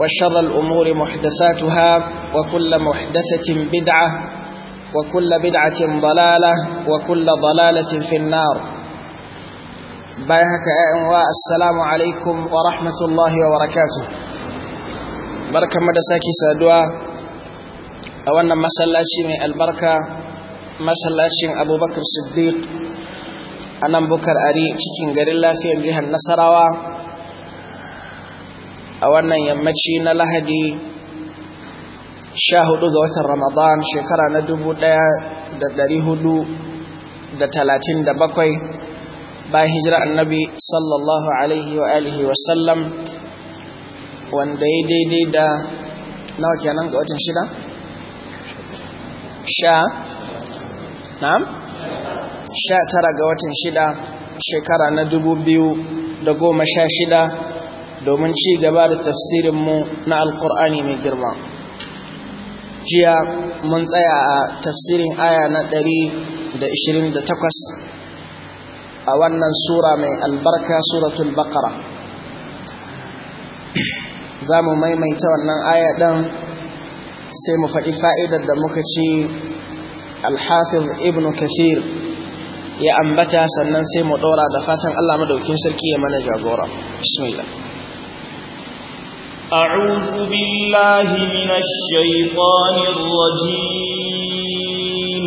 وشر الأمور محدثاتها وكل محدثة بدعة وكل بدعة ضلالة وكل ضلالة في النار بايهك السلام عليكم ورحمة الله وبركاته بركة مدساكي سادوا أولا مسلاتي من البركة مسلاتي أبو بكر الصديق أنا بكر أري تشكين غريلا في جهة النصراوة a wannan yammaci na lahadi 14 ga watan ramadan shekara na 1437 bayan hijira annabi sallallahu alaihi wa alihi wasallam wanda ya daidai da nawa kenan ga watan shida? sha na? sha tara ga watan shida shekara na 2016 domin ci gaba da tafsirinmu na alkur'ani mai girma jiya mun tsaya a tafsirin aya na 128 a wannan sura mai albarka suratul baqara za mu maimaita wannan aya ɗan sai mu faɗi fa'idar da muka ci alhafiz ibn kathir ya ambata sannan sai mu ɗora da fatan allah madaukin sarki ya mana jagora bismillah أعوذ بالله من الشيطان الرجيم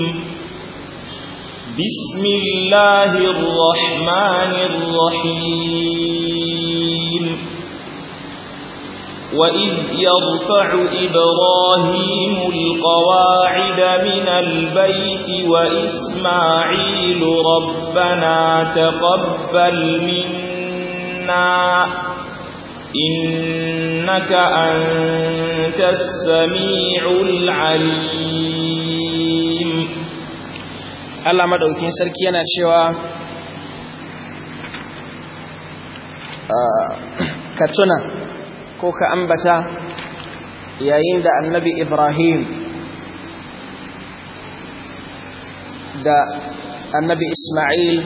بسم الله الرحمن الرحيم وإذ يرفع إبراهيم القواعد من البيت وإسماعيل ربنا تقبل منا إنك أنت السميع العليم الله مدعوكين سركينا شوى كتنا كوك أنبتا yayin da annabi ibrahim da annabi ismail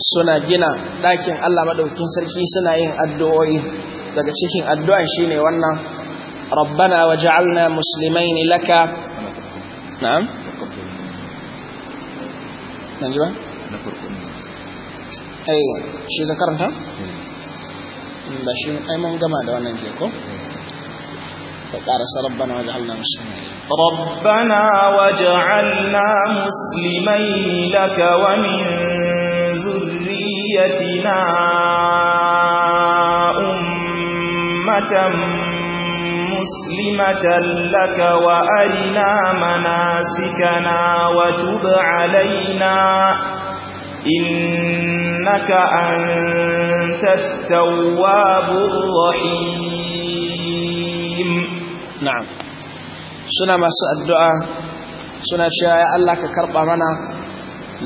suna gina ɗakin allah maɗaukin sarki suna yin addu'o'i daga cikin addu'an shine wannan rabbana waj'alna muslimaini laka na'am ji ba na farko ai shi da karanta eh. shi gama da wannan ke ko فقارس ربنا واجعلنا ربنا مسلمين لك ومن ذريتنا أمة مسلمة لك وأرنا مناسكنا وتب علينا إنك أنت التواب الرحيم نعم سنة مساء الدعاء سنة شاء الله كرب منا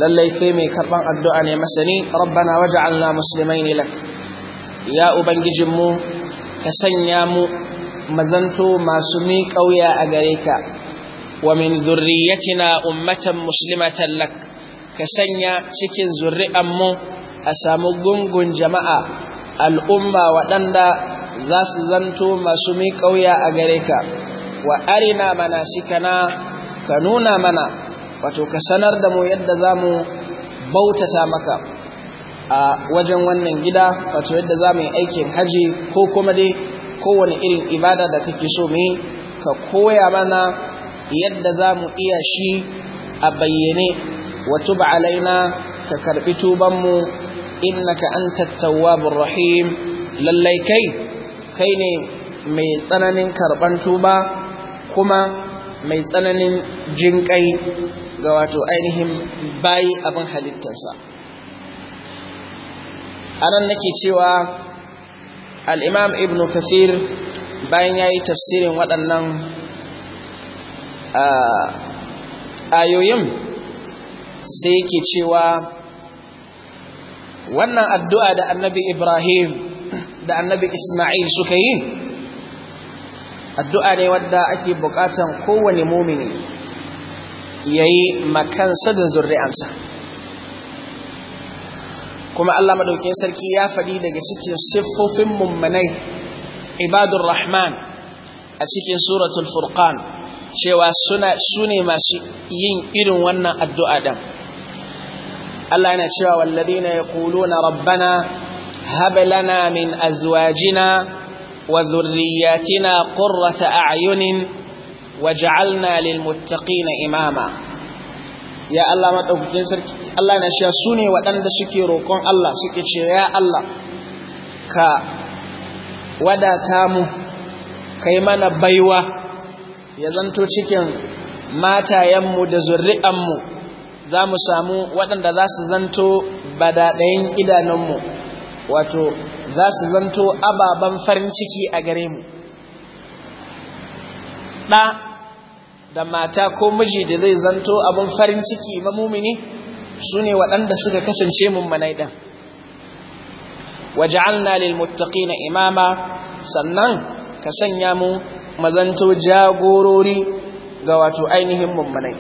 للي كيمي كربان الدعاء مسني ربنا وجعلنا مسلمين لك يا أبنجي جمو ka sanya mu mazanto masu mi kauya a gare ka wa min zurriyatina ummatan muslimatan lak ka sanya cikin zurri'an mu a samu gungun jama'a al'umma waɗanda za su zanto masu mi kauya a gare ka wa arina manasikana ka nuna mana wato ka sanar da mu yadda za mu bautata maka a wajen wannan gida wato yadda za mu yi aikin haji ko kuma dai kowane irin ibada da kake so mu ka koya mana yadda za mu iya shi a bayyane wato ba alaina ka karbi tubanmu innaka antat tawwabur rahim lallai kai kai ne mai tsananin karban tuba kuma mai tsananin jinƙai, ga wato ainihin bayi abin halittarsa anan nake cewa al-imam ibnu kathir bayan yi tafsirin waɗannan ah, ayoyin sai yake cewa wannan addu'a da annabi ibrahim da annabi isma'il suka yi addu'a ne wadda ake buƙatan kowane mumini ya yi makansa da zurri'ansa kuma Allah madaukin sarki ya faɗi daga cikin siffofin mummanai ibadur rahman a cikin suratul furqan cewa suna sune masu yin irin wannan addu'a din Allah yana cewa walladina yaquluna rabbana hab lana min azwajina وذرياتنا قرة أعين واجعلنا للمتقين إماما ya Allah maɗaukakin sarki Allah na sha su ne waɗanda suke roƙon Allah suke ce ya Allah ka wadata mu ka yi mana baiwa ya zanto cikin matayenmu da zurri'anmu za mu samu waɗanda za su zanto badaɗayin idanunmu wato za su zanto ababen farin ciki a gare mu ɗa da mata ko miji da zai zanto abin farin ciki ba mumini su ne waɗanda suka kasance mummanai ɗin waja'alna lil muttaqina imama sannan ka sanya mu mazanto jagorori ga wato ainihin mummanai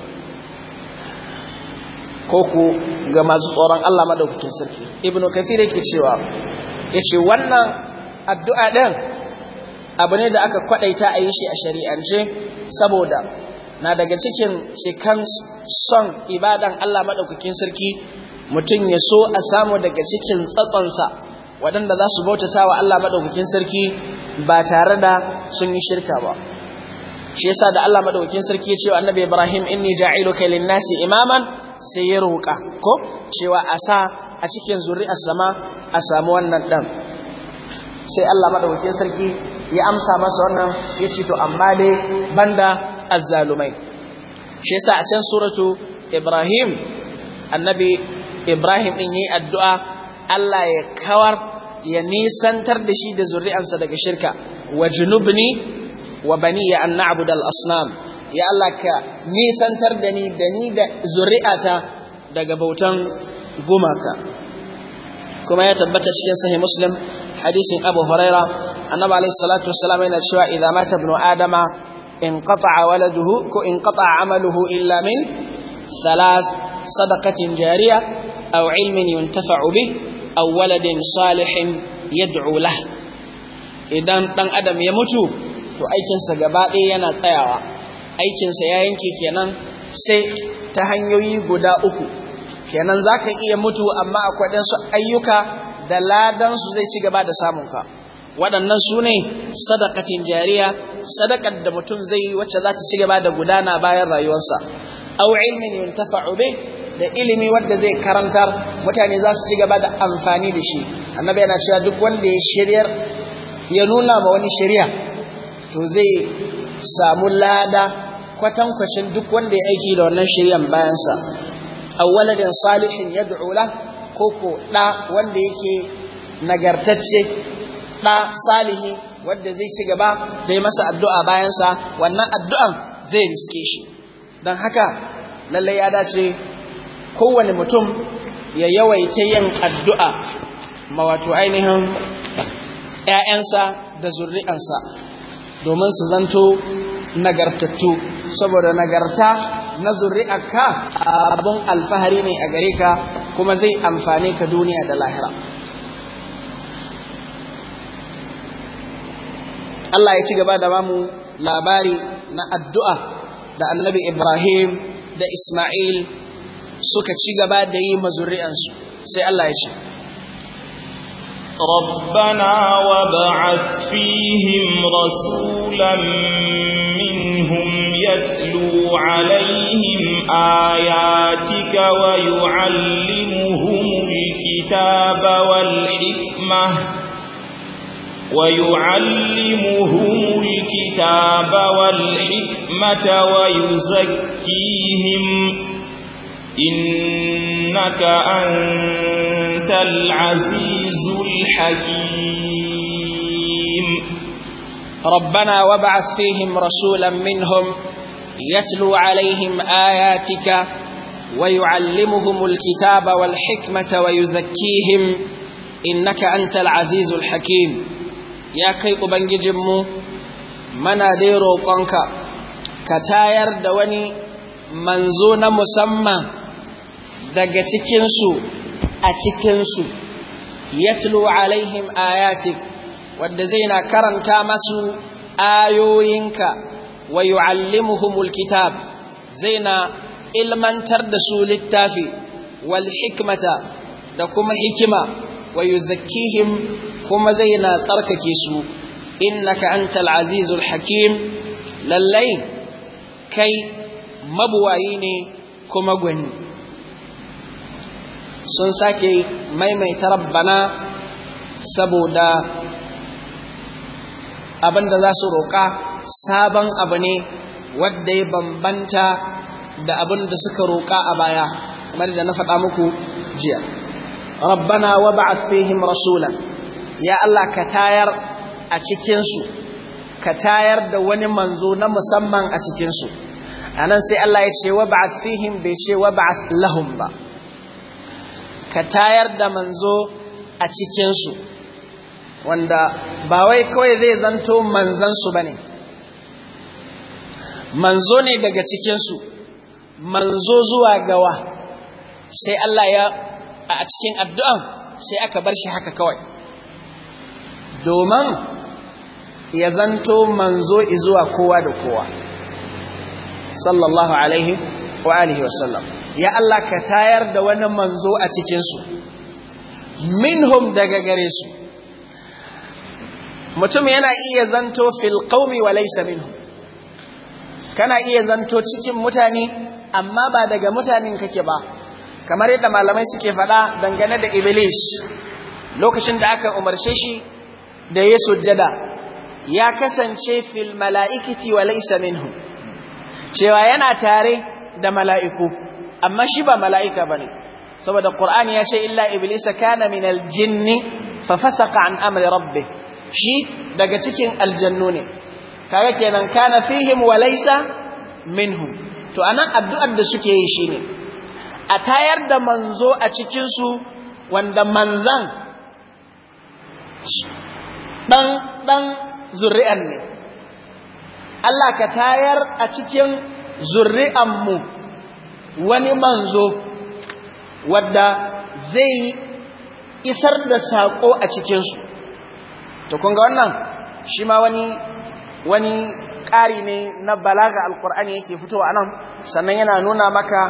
ko ku ga masu tsoron Allah madaukakin sarki ibnu kasir yake cewa yace wannan addu'a din abu ne da aka kwadaita a yi shi a shari'ance saboda na daga cikin cikan son ibadan Allah maɗaukakin sarki mutum ya so a samu daga cikin tsatsonsa waɗanda za su bautata wa Allah maɗaukakin sarki ba tare da sun yi shirka ba shi yasa da Allah maɗaukakin sarki ya ce annabi Ibrahim inni ja'ilu kai nasi imaman sai ya roƙa ko cewa a sa a cikin zuri'ar sama a samu wannan dan sai Allah maɗaukakin sarki ya amsa masa wannan ya ce to amma dai banda azzalumai shi yasa a can suratu Ibrahim annabi Ibrahim din yi addu'a Allah ya kawar ya nisantar da shi da zuri'ansa daga shirka wa junubni wa baniya an na'budu al-asnam ya Allah ka nisantar da ni da ni da zuri'ata daga bautan gumaka kuma ya tabbata cikin sahih Muslim hadisin Abu Huraira annabi alaihi salatu wassalam yana cewa idza mata ibnu adama in qata'a waladuhu ko in qata'a amaluhu illa min salas sadaqatin jariya aw ilmin yuntafa'u bih aw waladin salihin yad'u lah idan dan adam ya mutu to aikinsa gaba ɗaya yana tsayawa aikinsa ya yanke kenan sai ta hanyoyi guda uku kenan zaka iya mutu amma akwai su ayyuka da ladansu zai ci gaba da samunka waɗannan su ne sadakatin jariya sadakar da mutum zai yi wacce za ta ci gaba da gudana bayan rayuwarsa au ilmin yuntafa'u bih da ilimi wanda zai karantar mutane za su ci gaba da amfani da shi annabi yana cewa duk wanda ya shiryar ya nuna ma wani shari'a to zai samu lada kwatankwacin duk wanda ya aiki da wannan shari'an bayansa awwaladin salihin yad'u la koko da wanda yake nagartacce ɗa salihi wadda zai ci gaba da yi masa addu'a bayansa wannan addu'an zai riske shi don haka lallai ya dace kowane mutum ya yawaita yin addu'a wato ainihin ‘ya'yansa da zuri'ansa, domin su zanto nagartattu saboda nagarta na zuri’arka abin alfahari ne a gare ka kuma zai amfane ka duniya da lahira. Allah ya ci gaba da bamu labari na addu'a da annabi Ibrahim da Ismail suka ci gaba da yi mazuri'ansu sai Allah ya ce ربنا وابعث فيهم رسولا منهم يتلو عليهم آياتك ويعلمهم الكتاب والحكمة ويعلمهم الكتاب والحكمة ويزكيهم إنك أنت العزيز الحكيم ربنا وابعث فيهم رسولا منهم يتلو عليهم آياتك ويعلمهم الكتاب والحكمة ويزكيهم إنك أنت العزيز الحكيم ya kai ubangijinmu mana dai roƙonka ka tayar da wani manzo na musamman daga cikinsu a cikinsu ya tulu alaihim ayatik wadda zai na karanta masu ayoyinka wa yu'allimuhumul kitab zai na ilmantar da su littafi wal hikmata da kuma hikima wa yuzakkihim kuma zai na tsarkake su innaka antal azizul hakim lallai kai mabuwayi ne kuma gwani sun sake maimaita rabbana saboda abin da za su roƙa sabon abu ne wadda ya bambanta da abin da suka roƙa a baya kamar da na faɗa muku jiya rabbana wa ba'ath fihim rasulan ya Allah ka tayar a cikinsu ka tayar da wani manzo na musamman a cikinsu a nan sai Allah ya ce wa fihim bai ce wa lahum ba ka tayar da manzo a cikinsu wanda ba wai kawai zai zanto manzansu ba ne manzo ne daga cikinsu manzo zuwa gawa sai Allah ya a cikin addu'an sai aka bar shi haka kawai domin ya zanto manzo izuwa kowa da kowa sallallahu alaihi wa alihi wasallam ya Allah ka tayar da wani manzo a cikinsu minhum daga gare su mutum yana iya zanto fil qaumi wa laysa minhum kana iya zanto cikin mutane amma ba daga mutanen kake ba kamar yadda malamai suke faɗa dangane da iblis lokacin da aka umarce shi da ya sujjada ya kasance fil mala'ikati wa laysa minhu cewa yana tare da mala'iku amma shi ba mala'ika ba ne saboda qur'ani ya ce illa iblisa kana min aljinni fa fasaqa an amri rabbi shi daga cikin aljannu ne kaga kenan kana fihim wa laysa minhu to anan addu'ar da suke yi shine a tayar da manzo a cikin su wanda manzan ɗan ɗan zuri'an ne Allah ka tayar a cikin zuri'an mu wani manzo wadda zai isar da saƙo a cikinsu to kun wannan shi ma wani wani ƙari ne na balaga alƙur'ani yake fito a nan sannan yana nuna maka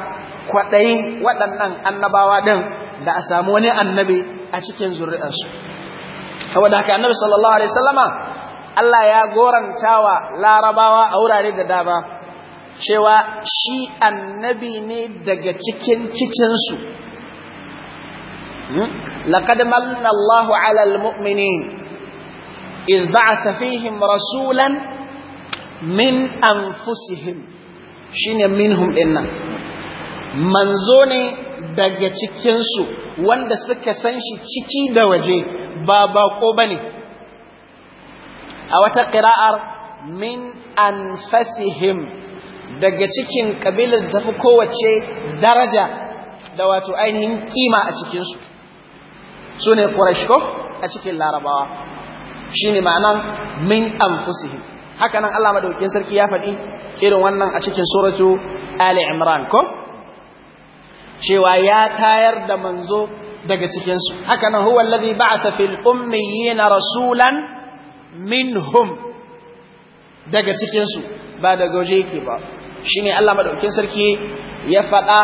kwaɗayin waɗannan annabawa ɗin da a samu wani annabi a cikin zuri'ansu. saboda haka annabi sallallahu alaihi wasallama Allah ya gorantawa larabawa a wurare da dama cewa shi annabi ne daga cikin cikinsu hmm? laqad manna Allahu 'alal mu'minin idh ba'atha fihim rasulan min anfusihim shine minhum dinnan manzo ne daga cikinsu wanda suka san shi ciki da waje ba bako ba ne a wata ƙira'ar min anfasihim daga cikin ƙabilar tafi kowace daraja da wato ainihin kima a cikinsu su ne ko a cikin larabawa shi ne ma'anar min anfusihim haka nan Allah madaukin sarki ya faɗi irin wannan a cikin suratu Ali Imran ko? cewa ya tayar da manzo daga cikinsu haka nan huwa alladhi ba'atha fil na rasulan minhum daga cikinsu ba daga waje yake ba shine Allah madaukakin sarki ya faɗa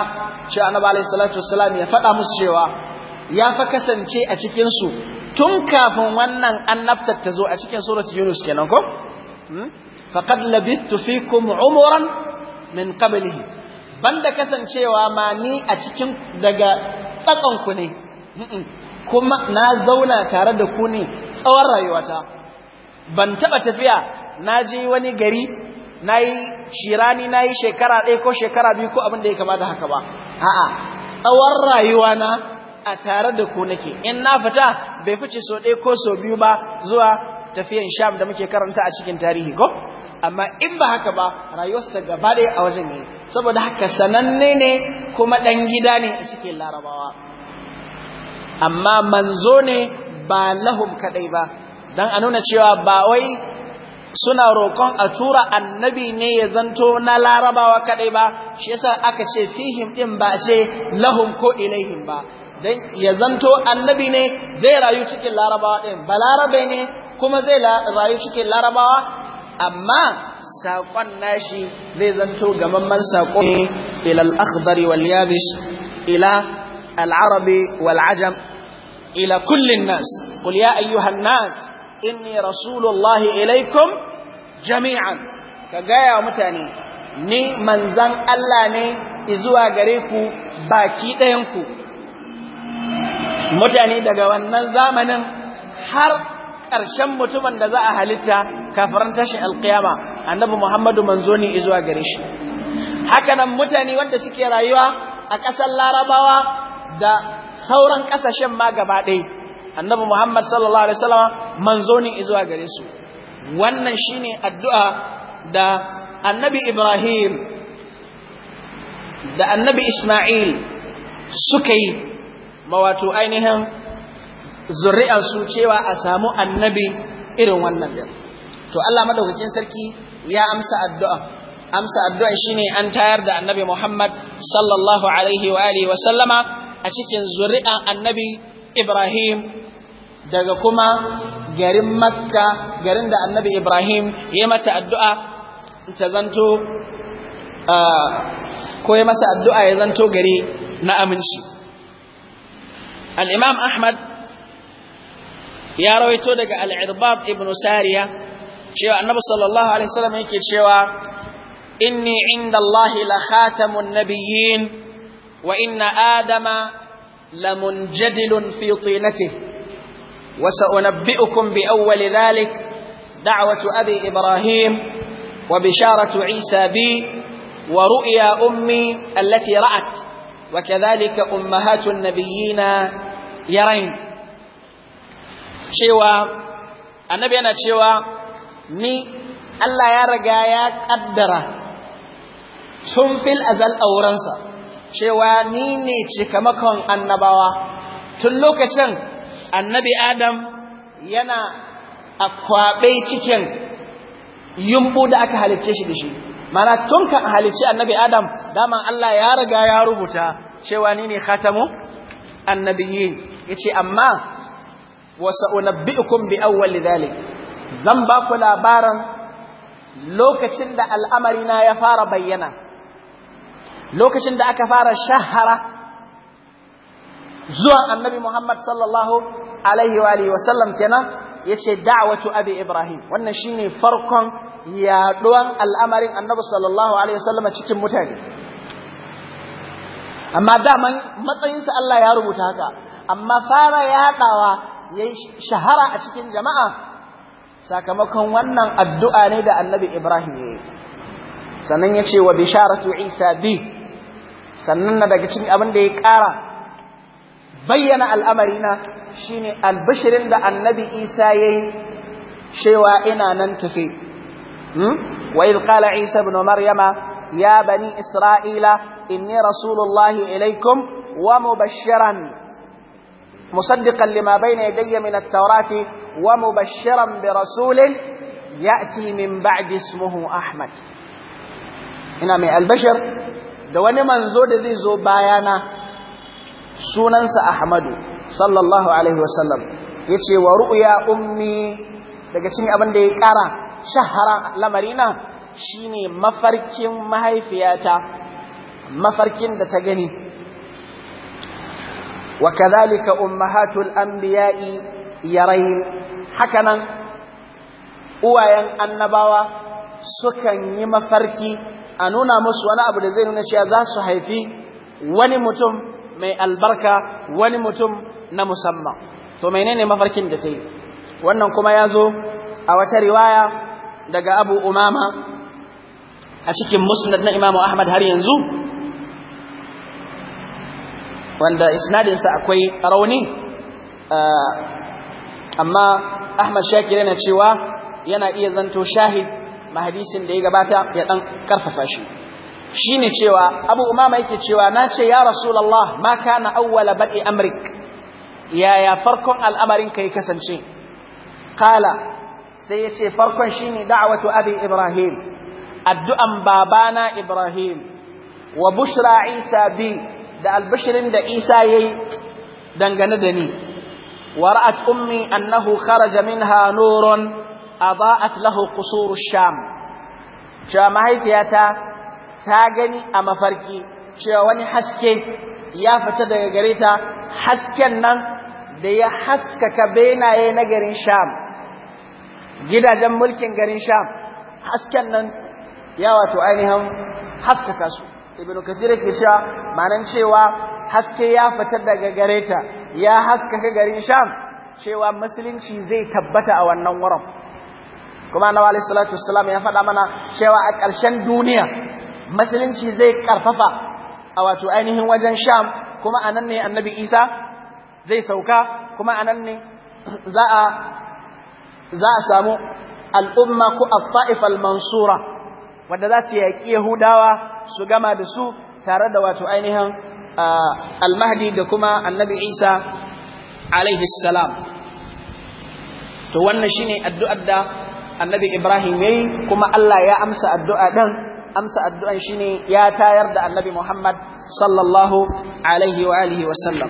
cewa annabi alayhi salatu wassalam ya faɗa musu cewa ya fa kasance a cikinsu tun kafin wannan annabtar ta zo a cikin surat yunus kenan ko hmm? faqad labithtu fikum umuran min qablihi banda kasancewa ma ni a cikin daga ku ne kuma na zauna tare da ku ne tsawon rayuwata ban taba tafiya na je wani gari na yi shirani na yi shekara ɗaya ko shekara biyu ko abin da ya kamata haka ba a'a tsawon rayuwana a tare da ku nake in na fita bai fice so ɗaya ko so biyu ba zuwa tafiyan sham da muke karanta a cikin tarihi ko amma in ba haka ba rayuwarsa gaba ɗaya a wajen ne saboda haka sananne ne kuma ɗan gida ne a cikin larabawa amma manzo ne ba lahum kaɗai ba don a nuna cewa ba wai suna roƙon a tura annabi ne ya zanto na larabawa kaɗai ba shi yasa aka ce fihim ɗin ba ce lahum ko ilaihim ba dan ya zanto annabi ne zai rayu cikin larabawa ɗin larabai ne kuma zai rayu cikin larabawa amma saƙon nashi zai zanto gamamman saƙo ne ilal akhdari wal yabish ila al'arabi wal ajam ila kullin nas qul ya ayyuhan nas inni rasulullahi ilaikum jami'an ka gaya mutane ni manzan Allah ne izuwa gare ku baki ɗayan ku mutane daga wannan zamanin har ƙarshen mutumin da za a halitta kafaran tashi alƙiyama annabi Muhammadu manzoni ne gare shi hakanan mutane wanda suke rayuwa a ƙasar Larabawa da sauran ƙasashen ma gaba ɗaya annabi Muhammad sallallahu alaihi wasallam manzoni ne gare su wannan shine addu'a da annabi Ibrahim da annabi Isma'il suka yi wato ainihin zuri'arsu cewa a samu annabi irin wannan da. to Allah madaukakin sarki ya amsa addu'a amsa addu'a shine an tayar da annabi Muhammad sallallahu alaihi wa alihi wa sallama a cikin zuri'an annabi Ibrahim daga kuma garin Makka garin da annabi Ibrahim ya mata addu'a ta zanto ko ya masa addu'a ya zanto gari na aminci al-Imam Ahmad يا رويتو دغ العرباض ابن ساريه شيخ النبي صلى الله عليه وسلم يكي شيوا اني عند الله لخاتم النبيين وان ادم لمنجدل في طينته وسانبئكم باول ذلك دعوه ابي ابراهيم وبشاره عيسى بي ورؤيا امي التي رات وكذلك امهات النبيين يرين cewa annabi yana cewa ni Allah ya riga ya kaddara tun fil azal aurensa cewa ni ne cikamakon annabawa tun lokacin annabi adam yana a cikin yumbu da aka halicce shi da shi mana tun kan halicci annabi adam daman Allah ya riga ya rubuta cewa ni ne khatamu annabiyyin yace amma wasa sa'unabbi'ukum bi awwal dhalik zan ba ku labaran lokacin da al'amari na ya fara bayyana lokacin da aka fara shahara zuwa annabi Muhammad sallallahu alaihi wa alihi wa sallam kenan yace da'watu abi ibrahim wannan shine farkon yaduwan al'amarin annabi sallallahu alaihi wa sallam cikin mutane amma daman matsayinsa Allah ya rubuta haka amma fara yadawa ya shahara a cikin jama'a sakamakon wannan addu'a ne da annabi Ibrahim ya yi sannan ya ce wa bisharatu isa bi sannan na daga cikin abin da ya ƙara bayyana al'amarina, shi ne albishirin da annabi isa ya yi cewa ina nan tafi hmm? wa ilƙala isa bin maryama ya bani isra'ila inni rasulullahi ilaikum wa mubashiran مصدقا لما بين يدي من التوراة ومبشرا برسول يأتي من بعد اسمه أحمد ina mai albashar. da wani manzo da zai zo bayana sunansa Ahmadu sallallahu alaihi wasallam yace wa ru'ya ummi daga cikin abin da ya ƙara shahara lamarina shine mafarkin mahaifiyata mafarkin da ta gani وكذلك أمهات الأنبياء يرين hakanan. uwayen annabawa sukan yi mafarki a nuna musu wani abu da zai nuna cewa za su haifi wani mutum mai albarka wani mutum na musamman to menene mafarkin da ta yi wannan kuma ya zo a wata riwaya daga abu umama a cikin musnad na imamu ahmad har yanzu wanda isnadinsa akwai rauni eh, amma Ahmad Shakir yana cewa yana iya zanto shahid mahadisin da ya gabata ya dan karfafa shi shine cewa Abu Umama yake cewa nace ya Rasulullah ma kana awwala ba'i amrik yaya farkon al'amarin kai kasance kala sai yace farkon shine da'watu abi Ibrahim addu'an babana Ibrahim wa bushra Isa bi da albishirin da Isa yayi dangane da ni wara'at ummi annahu kharaja minha nurun adaa'at lahu qusur sham cewa mahaifiyata ta gani a mafarki cewa wani haske ya fita daga gare ta hasken nan da ya haskaka benaye na garin sham gidajen mulkin garin sham hasken nan ya wato ainihin haskaka su ibnu kasir yake cewa manan cewa haske ya fita daga gareta ya haskaka garin sham cewa musulunci zai tabbata a wannan wurin kuma annabi alaihi salatu wassalam ya faɗa mana cewa a ƙarshen duniya musulunci zai karfafa a wato ainihin wajen sham kuma anan ne annabi isa zai sauka kuma anan ne za a za a samu al'umma ko al-ta'if al-mansura wanda za su yaƙi yahudawa su gama da su tare da wato ainihin almahdi da kuma annabi isa alaihi salam to wannan shine addu'ar da annabi ibrahim yayi kuma allah ya amsa addu'a ɗin amsa addu'an shine ya tayar da annabi muhammad sallallahu alaihi wa alihi wa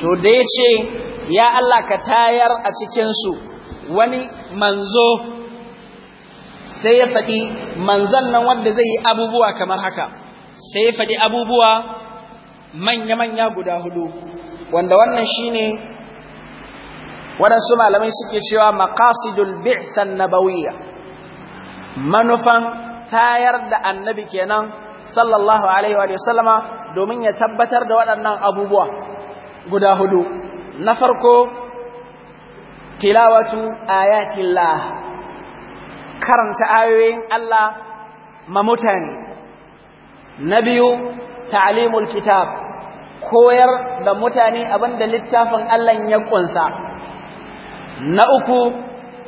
to da ya ce ya allah ka tayar a cikinsu wani manzo sai ya faɗi manzan nan wanda zai yi abubuwa kamar haka sai ya faɗi abubuwa manya-manya guda hudu wanda wannan shi ne waɗansu malamai suke cewa maqasidul bi'san nabawiyya manufan tayar da annabi kenan sallallahu alaihi wa sallama domin ya tabbatar da waɗannan abubuwa guda hudu na farko tilawatu ayatillah karanta ayoyin Allah ma mutane na biyu ta'limul kitab koyar da mutane abinda littafin Allah ya kunsa na uku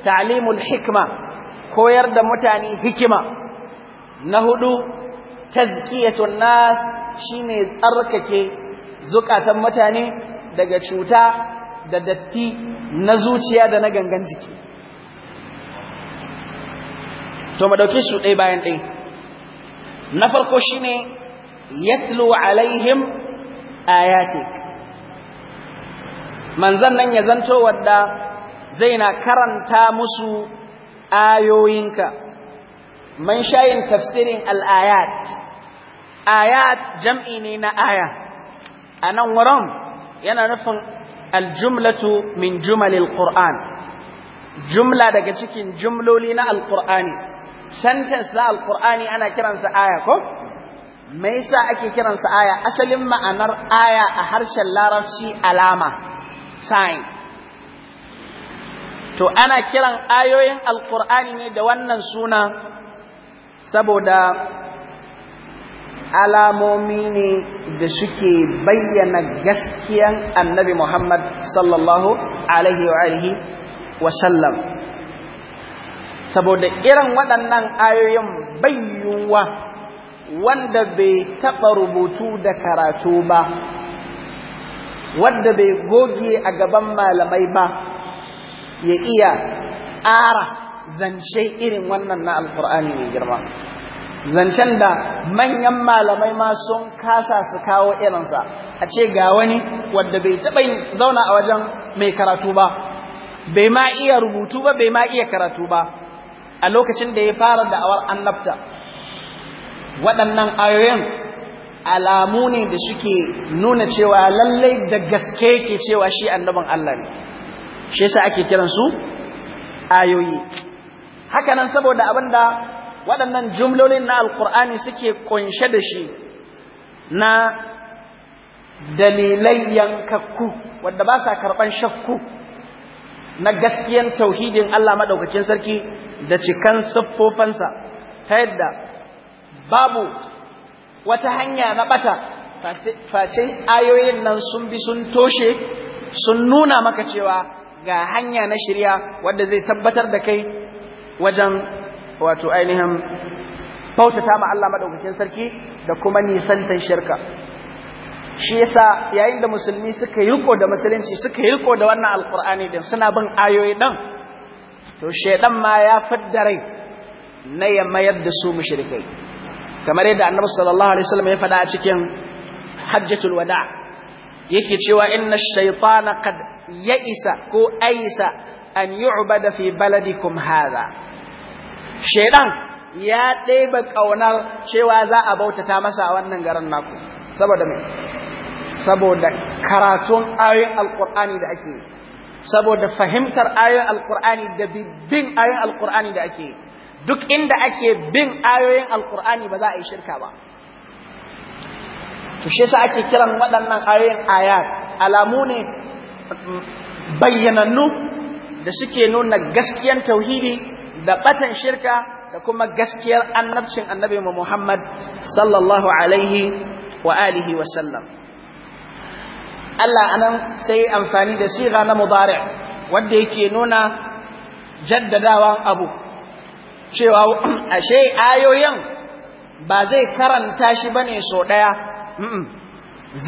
ta'limul hikma koyar da mutane hikima na hudu tazkiyatun nas shine tsarkake zukatan mutane daga cuta da datti na zuciya da na gangan jiki to madauke su ɗaya bayan ɗaya na farko shine yatlu alaihim ayatik manzan nan ya zanto wadda zai na karanta musu ayoyinka man shayin tafsirin al'ayat ayat jam'i ne na aya a nan wurin yana nufin aljumlatu min jumalil qur'an jumla daga cikin jumloli na alƙur'ani sentence na alkur'ani ana kiransa aya ko me yasa ake kiransa aya asalin ma'anar aya a harshen larabci alama sign to ana kiran ayoyin alkur'ani ne da wannan suna saboda alamomi ne da suke bayyana gaskiyan annabi Muhammad sallallahu alaihi wa wa sallam saboda irin waɗannan ayoyin bayyuwa wanda bai taɓa rubutu da karatu ba wanda bai goge a gaban malamai ba ya iya tsara zance irin wannan na alkur'ani mai girma zancen da manyan malamai ma sun kasa su kawo irinsa a ce ga wani wadda bai taɓa yin zauna a wajen mai karatu ba bai ma iya rubutu ba bai ma iya karatu ba a lokacin da ya fara da'awar annabta waɗannan ayoyin alamu ne da suke nuna cewa lallai da gaske ke cewa shi annabin Allah ne shi yasa ake kiran su ayoyi haka nan saboda abinda waɗannan jumlolin na alkur'ani suke kunshe da shi na dalilai yankakku wanda ba sa karɓar shakku na gaskiyan tauhidin Allah maɗaukakin sarki da cikan siffofansa ta yadda babu wata hanya na ɓata face ayoyin nan sun bi sun toshe sun nuna maka cewa ga hanya na shirya wadda zai tabbatar da kai wajen wato ainihin bautata ma Allah maɗaukakin sarki da kuma tan shirka. shi yasa yayin da musulmi suka yi riko da musulunci suka yi riko da wannan alkur'ani din suna bin ayoyi din to shedan ma ya fadda rai na ya mayar da su mushrikai kamar yadda annabi sallallahu alaihi wasallam ya fada a cikin hajjatul wada yake cewa inna shaytana qad ya'isa ko aisa an yu'bada fi baladikum hadha shedan ya ɗeba ƙaunar cewa za a bautata masa a wannan garin naku saboda mai saboda karatun ayoyin alkur'ani da ake saboda fahimtar ayoyin alkur'ani da bin ayoyin alkur'ani da ake duk inda ake bin ayoyin alkur'ani ba za a yi shirka ba to shi yasa ake kiran waɗannan ayoyin ayat alamu ne bayyanannu da suke nuna gaskiyar tauhidi da batan shirka da kuma gaskiyar annabcin annabi Muhammad sallallahu alaihi wa alihi wa sallam Allah anan sai amfani da siga na mudari' wanda yake nuna jaddadawan abu cewa ashe ayoyin ba zai karanta shi bane so daya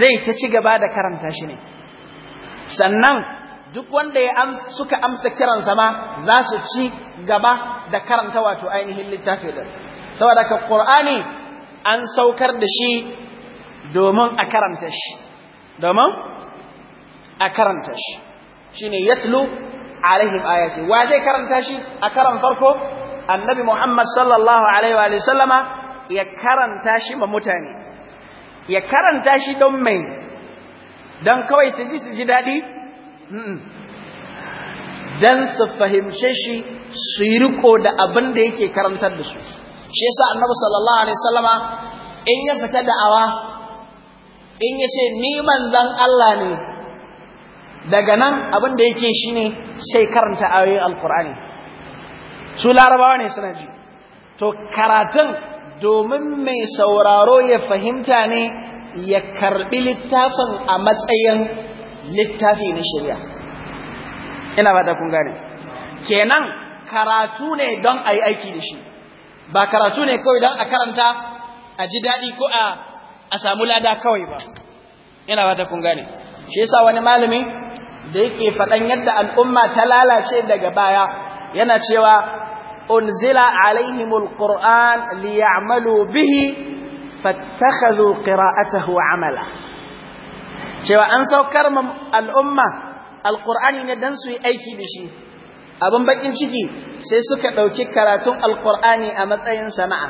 zai ta ci gaba da karanta shi ne sannan duk wanda ya suka amsa kiransa ma za su ci gaba da karanta wato ainihin littafin da saboda ka qur'ani an saukar da shi domin a karanta shi domin a karanta shi shine yatlu alaihim ayati wa zai karanta shi a karan farko annabi Muhammad sallallahu alaihi wa sallama ya karanta shi ma mutane ya karanta shi don mai don kawai su ji su ji daɗi hmm. don su fahimce shi su yi riko da abin da yake karantar da su shi yasa annabi sallallahu alaihi sallama in ya fita da'awa in ya ce ni manzan Allah ne daga nan abin da yake ne sai karanta ayoyin alkur'ani su larabawa ne suna ji to karatun domin mai sauraro ya fahimta ne ya karbi littafin a matsayin littafi na shirya ina ba da kun gane kenan karatu ne don a yi aiki da shi ba karatu ne kawai don a karanta a ji daɗi ko a samu lada kawai ba ina ba ta kun gane shi yasa wani malami da yake faɗan yadda al'umma ta lalace daga baya yana cewa unzila alaihimul qur'an liya'malu bihi fattakhadhu qira'atahu amala cewa an saukar al'umma alqur'ani ne dan su yi aiki da shi abin bakin ciki sai suka ɗauki karatun alqur'ani a matsayin sana'a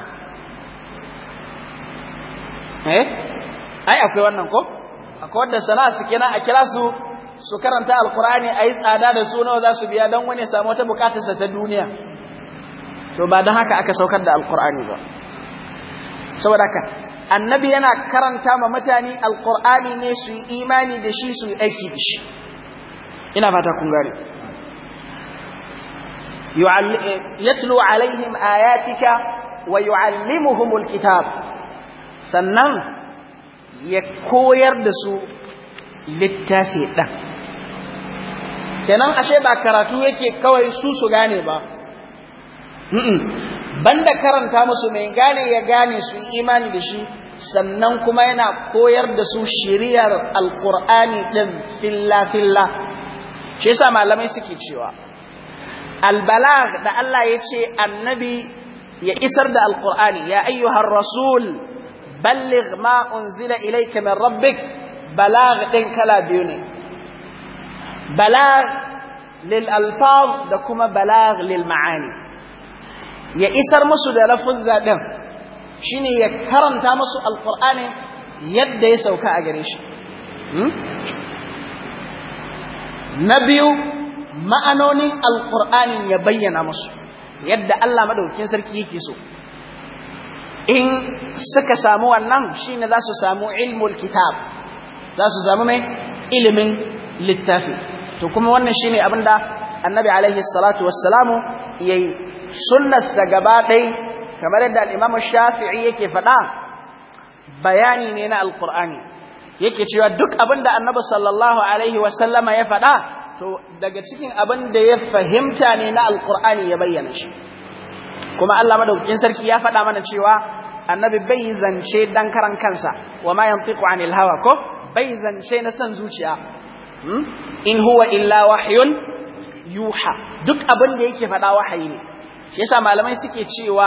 eh ai akwai wannan ko akwai wanda sana'a su kenan a kira su su karanta alkur'ani a yi tsada da su nawa za su biya don wani samu wata bukatarsa ta duniya to ba don haka aka saukar da alkur'ani ba saboda haka annabi yana karanta ma mutane alkur'ani ne su yi imani da shi su yi aiki da shi ina fata kun gane yatlu alaihim ayatika wa yu'allimuhum kitab sannan ya koyar da su littafi ɗan kenan ashe ba karatu yake kawai su su gane ba banda karanta musu mai gane ya gane su imani da shi sannan kuma yana koyar da su shiriyar alkur'ani ɗin filla-filla shi yasa malamai suke cewa albalag da Allah ya ce annabi ya isar da alkur'ani ya ayyuhar rasul balligh ma unzila ilayka min rabbik balag ɗin kala biyu ne بلاغ للألفاظ ده كما بلاغ للمعاني يا إسر مسو ده لفظ ده شيني يا كرم تامسو القرآن يد يسو كأجريش نبيو ما أنوني القرآن يبين مسو yadda Allah madaukin sarki yake so in suka samu سامو shine za su سامو علم kitab za su samu mai ilimin to kuma wannan shi abin da annabi alaihi salatu wassalamu yayi sunnarsa gaba ɗai kamar yadda al shafi'i yake faɗa bayani ne na alqur'ani yake cewa duk abin da annabi sallallahu alaihi wasallama ya faɗa to daga cikin abin da ya fahimta ne na alƙur'ani ya bayyana shi kuma Allah maɗaukin sarki ya faɗa mana cewa annabi bai zance dan karan kansa wa ma yantiqu anil hawa ko bai zance na san zuciya Hmm? in huwa illa wahyun yuha duk abin da yake faɗa wahayi ne shi yasa malamai suke cewa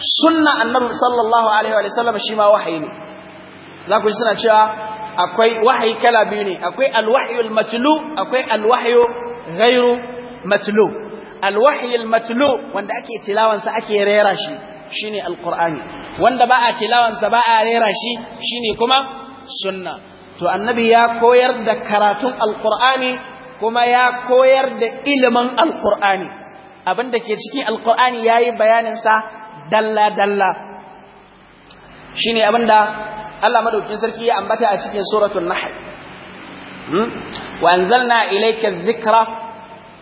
sunna annabi sallallahu alaihi wa sallam shi ma wahayi ne za ku suna cewa akwai wahayi kala biyu ne akwai alwahyu almatlu akwai alwahyu ghairu matlu alwahyu almatlu wanda ake tilawansa ake rera shi shine alqur'ani wanda ba a tilawansa ba a rera shi shine kuma sunna to annabi ya koyar da karatun alqur'ani kuma ya koyar da ilimin alqur'ani abinda ke cikin alqur'ani yayi bayanin sa dalla dalla shine abinda Allah madaukin sarki ya ambata a cikin suratul nahl hmm? wa anzalna ilayka dhikra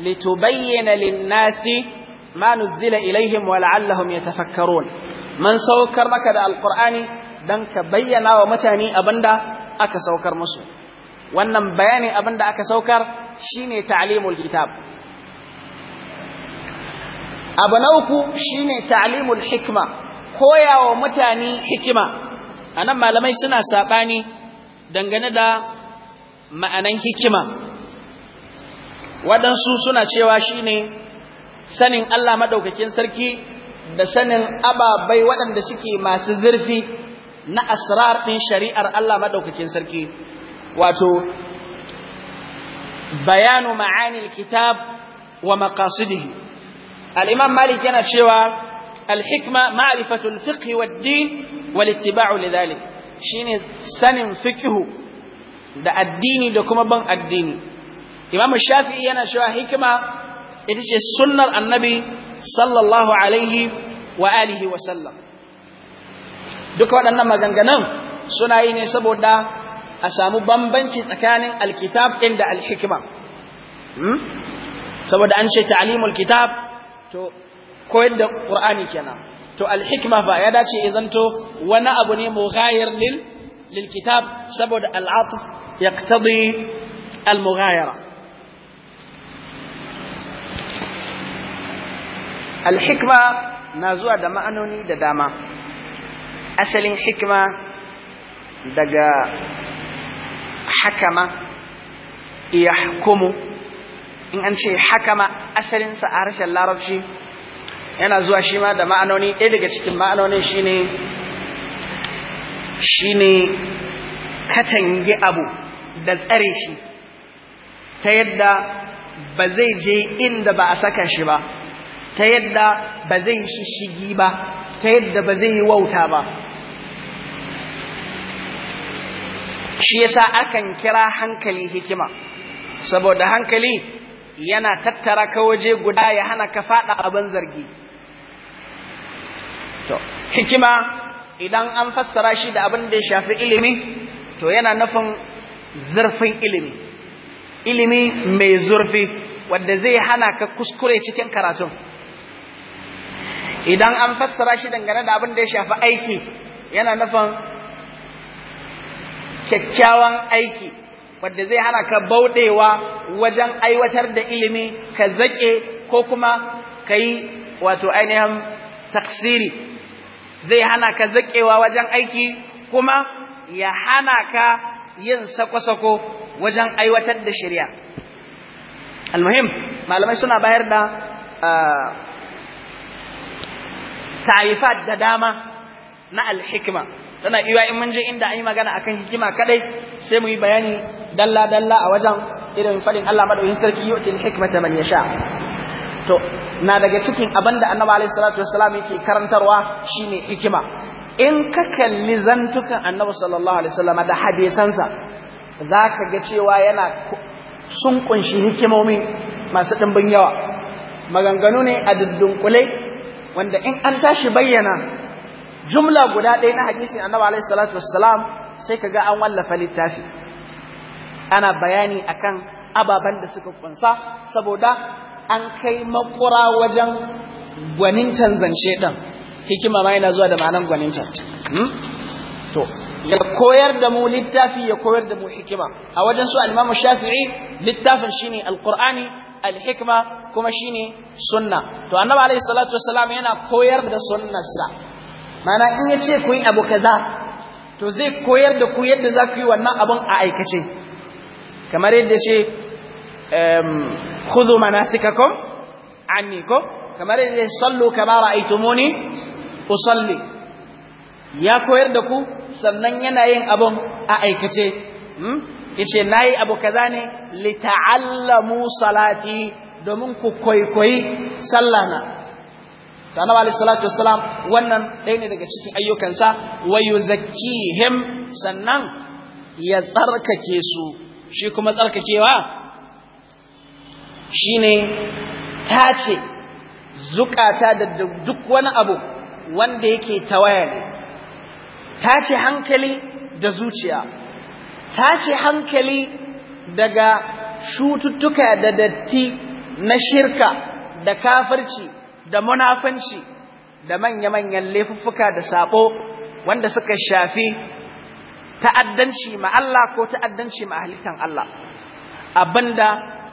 litubayyana lin-nasi ma nuzila ilayhim wa la'allahum yatafakkarun man saukar maka da alqur'ani dan ka bayyana wa mutane abinda aka saukar musu wannan bayanin abin da aka saukar shine ta'limul kitab abu uku shine ta'limul hikma koyawa mutane hikima anan malamai suna saɓani dangane da ma'anan hikima waɗansu suna cewa shine sanin Allah madaukakin sarki da sanin ababai waɗanda suke masu zurfi na asrar ɗin shari'ar Allah maɗaukakin sarki wato bayanu ma'ani kitab wa maqasidihi al-imam malik yana cewa al-hikma ma'rifatu al-fiqh wa ad-din wal ittiba'u lidhalik shine sanin fiqh da addini da kuma ban addini imam shafi'i yana cewa hikma ita ce sunnar annabi sallallahu alaihi wa alihi wa sallam duka waɗannan maganganun suna yi ne saboda a samu bambanci tsakanin alkitab ɗin da alhikima hmm? saboda an ce ta'alimul kitab to koyar da ƙur'ani kenan to alhikima ba ya dace izanto wani abu ne mughayir lil lil kitab saboda al'atuf yaqtadi al alhikma na zuwa da ma'anoni da dama asalin hikima daga hakama iya hukumu in an ce hakama asalinsa a harshen larabci yana zuwa shi ma da ma'anoni ɗaya daga cikin ma'anonin shi ne shi ne katangi abu da tsare shi ta yadda ba zai je inda ba a saka shi ba ta yadda ba zai shishigi ba ta yadda ba zai yi wauta ba shi yasa akan kira hankali hikima saboda hankali yana tattara ka waje guda ya hana ka fada abin zargi to hikima idan an fassara shi da abin da ya shafi ilimi to yana nufin zurfin ilimi ilimi mai zurfi wanda zai hana ka kuskure cikin karatun idan an fassara shi dangane da abin da ya shafi aiki yana nufin kyakkyawan aiki wanda zai hana ka bauɗewa wajen aiwatar da ilimi ka zaƙe ko kuma ka yi wato ainihin taksiri zai hana ka zaƙewa wajen aiki kuma ya hana ka yin sako-sako wajen aiwatar da shirya almuhim malamai suna bayar da taifat da dama na alhikima tana iya in mun je inda an yi magana akan hikima kadai sai mu yi bayani dalla dalla a wajen irin fadin Allah madaukakin sarki yu'til hikmata man yasha to na daga cikin abinda annabi alaihi salatu wassalam yake karantarwa shine hikima in ka kalli zantukan annabi sallallahu alaihi wasallam da hadisansa zaka ga cewa yana sun kunshi hikimomi masu dimbin yawa maganganu ne a kulai wanda in an tashi bayyana jumla guda ɗaya na hadisin annabi alaihi salatu wassalam sai kaga an wallafa littafi ana bayani akan ababen da suka kunsa saboda an kai makura wajen gwanintan zance ɗin hikima ma yana zuwa da ma'anar gwanintan hmm? to ya koyar da mu littafi ya koyar da mu hikima a wajen su al-Imam Shafi'i littafin shine al-Qur'ani al-hikma kuma shine sunna to annabi alayhi salatu wassalam yana koyar da sunnarsa mana in yace ce ku yi abu kaza to zai koyar da ku yadda za ku yi wannan abun a aikace kamar yadda ce khudhu manasikakum anni ko kamar yadda sallu kama ra'aytumuni usalli ya koyar da ku sannan yana yin abun a aikace hmm? yace nayi abu kaza ne li ta'allamu salati domin ku kwaikwayi sallana ta annabi alaihi salatu wassalam wannan ɗaya ne daga cikin ayyukansa wa yuzakkihim sannan ya tsarkake su shi kuma tsarkakewa shine tace zukata da duk wani abu wanda yake tawaya ne tace hankali da zuciya tace hankali daga shututtuka da datti na shirka da kafirci da munafanci da manya-manyan laifuffuka da sabo wanda suka shafi ta'addanci ma Allah ko ta'addanci ma halittan Allah abinda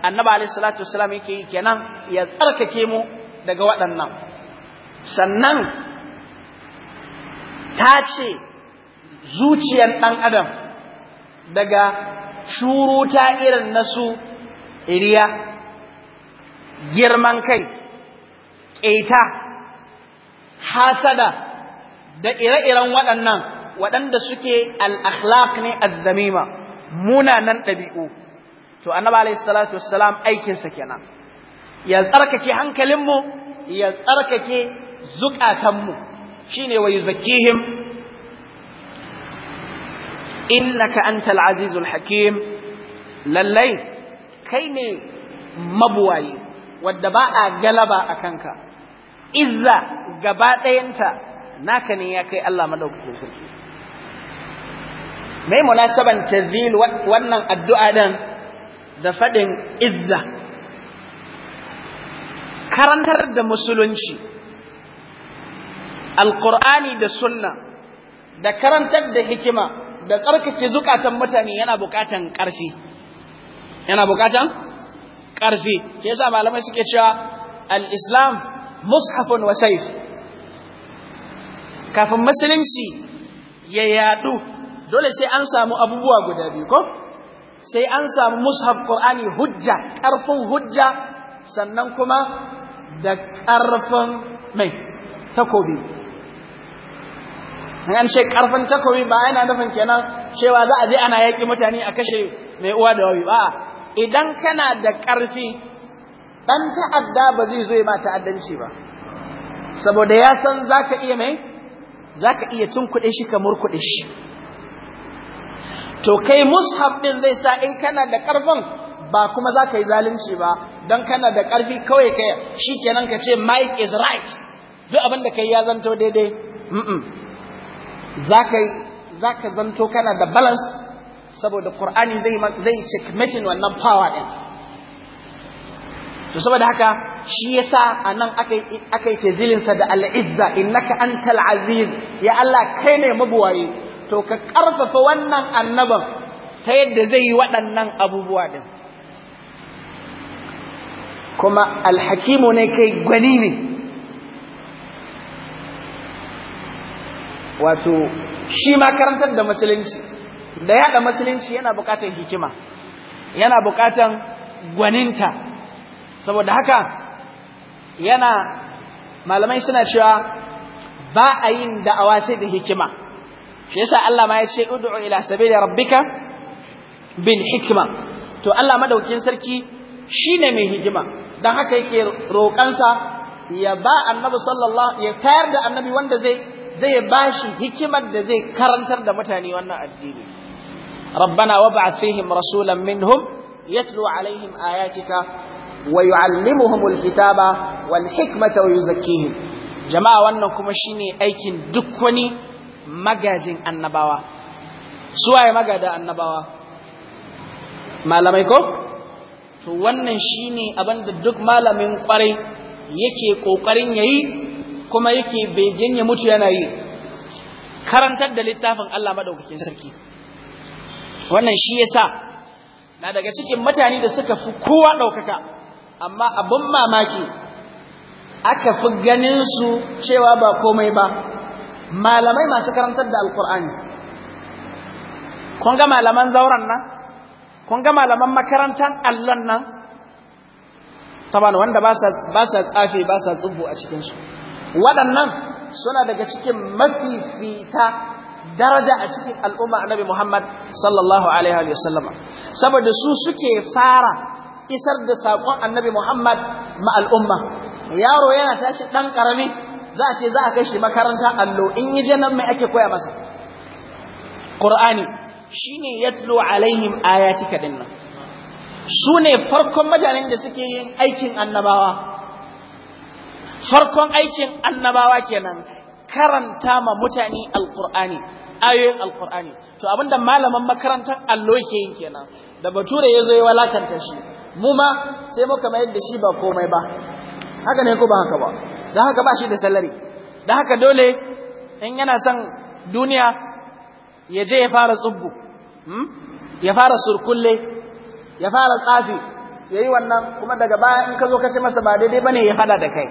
annabi alayhi salatu wasalam yake yi kenan ya tsarkake mu daga waɗannan sannan ta ce zuciyar ɗan adam daga shuru ta irin nasu iriya girman kai ƙeta hasada da ire-iren waɗannan waɗanda suke al'akhlaq ne azzamima munanan ɗabi'u to annaba alaihi salatu wassalam aikinsa kenan ya tsarkake hankalinmu ya tsarkake zukatanmu shine wa inna ka antal azizul hakim lallai kai ne mabuwaye wadda ba a galaba a kanka izza gaba ɗayanta naka ne ya kai Allah madaukakin sarki mai munasaban tazil wannan addu'a dan da faɗin izza karantar da musulunci alqur'ani da sunna da karantar da hikima da tsarkake zukatan mutane yana bukatan ƙarfi yana bukatan ƙarfi ke yasa malamai suke cewa al-islam mushafun wa saif kafin musulunci ya yadu dole sai an samu abubuwa guda biyu ko sai an samu mushaf qur'ani hujja karfin hujja sannan kuma da ƙarfin mai takobi an ce ƙarfin takobi ba yana nufin kenan cewa za a je ana yaki mutane a kashe mai uwa da wabi ba idan kana da ƙarfi. ɗan ta'adda ba zai zo ya ma ta'addanci ba saboda ya san za iya mai zaka iya tun kuɗe shi ka murkuɗe shi to kai mushaf ɗin zai sa in kana da karfin ba kuma za yi zalunci ba don kana da ƙarfi kawai ka shi kenan ka ce mike is right duk abin da kai ya zanto daidai za ka zanto kana da balance saboda ƙur'ani zai checkmating wannan power din to saboda haka shi yasa anan akai akai tazilin sa da al-izza innaka antal aziz ya Allah kai ne mabuwaye to ka karfafa wannan annaban ta yadda zai yi waɗannan abubuwa din kuma al-hakimu ne kai gwani ne wato shi ma karantar da musulunci da yada musulunci yana bukatar hikima yana bukatar gwaninta saboda haka yana malamai suna cewa ba a yin da'awa sai da hikima shi yasa Allah ma ya ce ud'u ila sabili rabbika bil hikma to Allah madaukin sarki shine mai hikima dan haka yake roƙansa ya ba annabi sallallahu ya tayar da annabi wanda zai zai bashi hikimar da zai karantar da mutane wannan addini rabbana wab'ath fihim rasulan minhum yatlu alaihim ayatika wa yu'allimuhumul kitaba wal hikmata wa jama'a wannan kuma shine aikin duk wani magajin annabawa suwaye magada annabawa malamai ko to wannan shine abinda duk malamin kwarai yake kokarin yayi kuma yake begen ya mutu yana yi karantar da littafin Allah madaukakin sarki wannan shi yasa na daga cikin mutane da suka fi kowa daukaka amma abin mamaki aka fi ganin su cewa ba komai ba malamai masu karantar da alkur'ani kun ga malaman zauren nan kun ga malaman makarantar allon nan taban wanda ba sa tsafe ba sa tsubu a cikinsu waɗannan suna daga cikin mafifita daraja a cikin al'umma annabi muhammad sallallahu alaihi wasallama saboda su suke fara isar da saƙon annabi Muhammad ma al'umma. Yaro yana tashi ɗan ƙarami za a ce za a kai shi makaranta allo in yi janar mai ake koya masa. Ƙur'ani shi ne ya tulo alaihim ayati kadin nan. Su ne farkon mutanen da suke yin aikin annabawa. Farkon aikin annabawa kenan karanta ma mutane alƙur'ani, ayoyin alƙur'ani. To abinda malaman makarantar allo ke yin kenan. da bature ya zo ya walakanta shi mu ma sai muka mayar da shi ba komai ba haka ne ko ba haka ba dan haka ba shi da salari dan haka dole in yana son duniya ya je ya fara tsubbu hmm? ya fara surkulle ya fara tsafi ya wannan kuma daga baya in ka zo ka ce masa ba daidai ba ya fada da kai